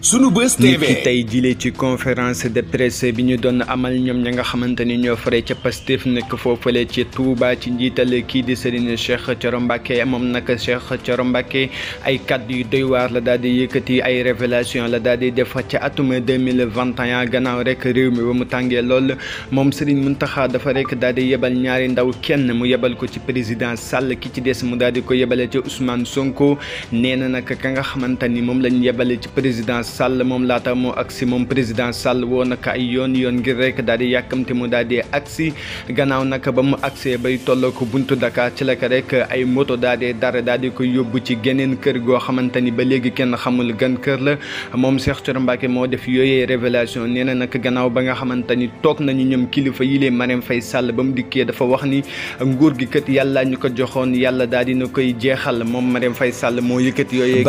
sunu bës TV nit ki tey jilee ci conférence de presse bi ñu doon amal ñoom ña nga xamante ni ñoo fare ca Pastef nekk foofale ci Touba ci njiital kii di Serigne Cheikh Thioro Mbacké moom nag Cheikh Thioro Mbacké ay kàddu yu doy waar la daal di yëkkati ay révélation la daal di def ca atum deux mille vingt et gannaaw rek réew mi ba mu tàngee lool moom Serigne Mountakha dafa rekk daal di yebal ñaari ndaw kenn mu yebal ko ci président Sall ki ci des mu daal di ko yebalee ci Ousmane Sonko nee na nag ka nga xamante ni moom lañ yebale ci président Sall moom laata moo agsi moom président Sall woo naka ay yoon yoon ngir rekk daal di yàkkamte mu daal di agsi gannaaw naka ba mu agsee bay tolloo ko buntu Dakar ci la ko rek ay moto daal di dara daal di ko yóbbu ci geneen kër goo xamante ni ba léegi kenn xamul gan kër la moom Cheikh Thioro Mbacké moo def yooyee révélation nee na nag gannaaw ba nga xamante ni toog nañu ñoom kilifa yi lee Marème fay Sall ba mu dikkee dafa wax ni nguur gi kët yàlla ñu ko joxoon yàlla daal dina koy jeexal moom Marème Faye Sall moo yëkkati yooyee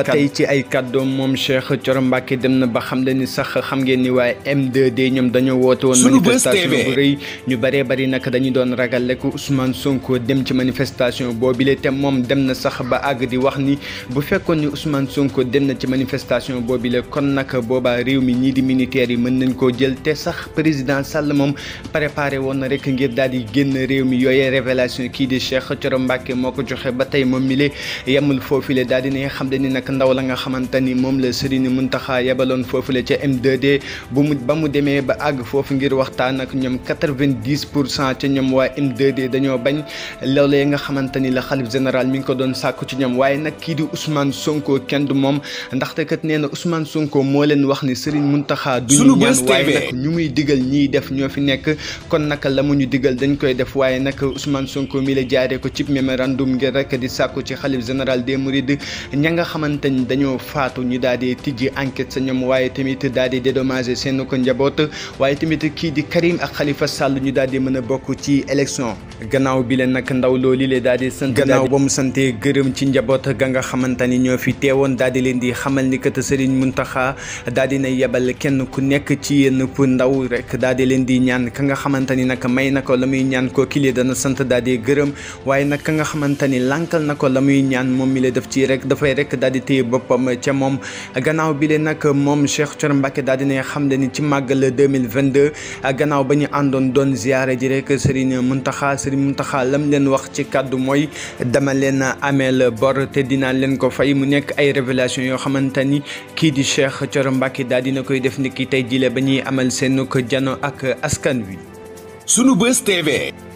Macky dem na ba xam le ni sax xam ngeen ni waaye m d ñoom dañoo woote woon manifestation bu rëy ñu bëree bëri nag dañu doon ragal rek Ousmane Sonko dem ci manifestation boobile te moom dem na sax ba àgg di wax ni bu fekkoon ni Ousmane Sonko dem na ci manifestation boobile kon nag boobaa réew mi ñii di militaires yi mën nañ koo jël te sax président Sall moom préparé woon na rek ngir daal di génn réew mi yooyee révélation kii di Cheikh Thioro Mbacké moo ko joxe ba tey moom mi Touba yebaloon foofule ca m bu mu ba mu demee ba àgg foofu ngir waxtaan ak ñoom quatre-vingt-dix pour cent ca ñoom waa M2D dañoo bañ loolee nga xamante ni la xalif général mi ngi ko doon sàkku ci ñoom waaye nak kii di Ousmane Sonko kenn du moom ndaxte kat nee na Ousmane Sonko moo leen wax ni Serigne Mountakha duñu ñaan waaye nag ñu muy digal ñiy def ñoo fi nekk kon naka la mu ñu digal dañ koy def waaye nag Ousmane Sonko mi la jaaree ko cib mémorandum ngir rek di sàkku ci xalif général des Mourides teg sa ñoom waaye tamit daal di seen ko njaboot waaye tamit kii di Karim ak Khalifa Sall ñu daal di mën a bokk ci élection gannaaw bi leen nag ndaw loolu lee daal di sant gannaaw ba mu santee gërëm ci njaboot ga nga xamante ni ñoo fi teewoon daal di leen di xamal ni kat Serigne Mountakha daal di na yebal kenn ku nekk ci yéen pour ndaw rek daal di leen di ñaan ka nga xamante ni nag may na ko la muy ñaan ko kii lee dana sant daal di gërëm waaye nag ka nga xamante ni lànkal na ko la muy ñaan moom mi la def ci rek dafay rek daal di téye boppam ca moom gannaaw bi leen nag moom Cheikh Thioro Mbacké daal di na xam le ni ci màggal 2022 gannaaw ba ñu àndoon doon ziyaare ji rek Serigne Mountakha Serigne Mountakha lam leen wax ci kàddu mooy dama leen ameel bor te dinaa leen ko fay mu nekk ay révélation yoo xamante ni kii di Cheikh Thioro Mbacké daal dina koy def ni tey jile ba ñuy amal seen ko jano ak askan wi. Sunubuzz TV.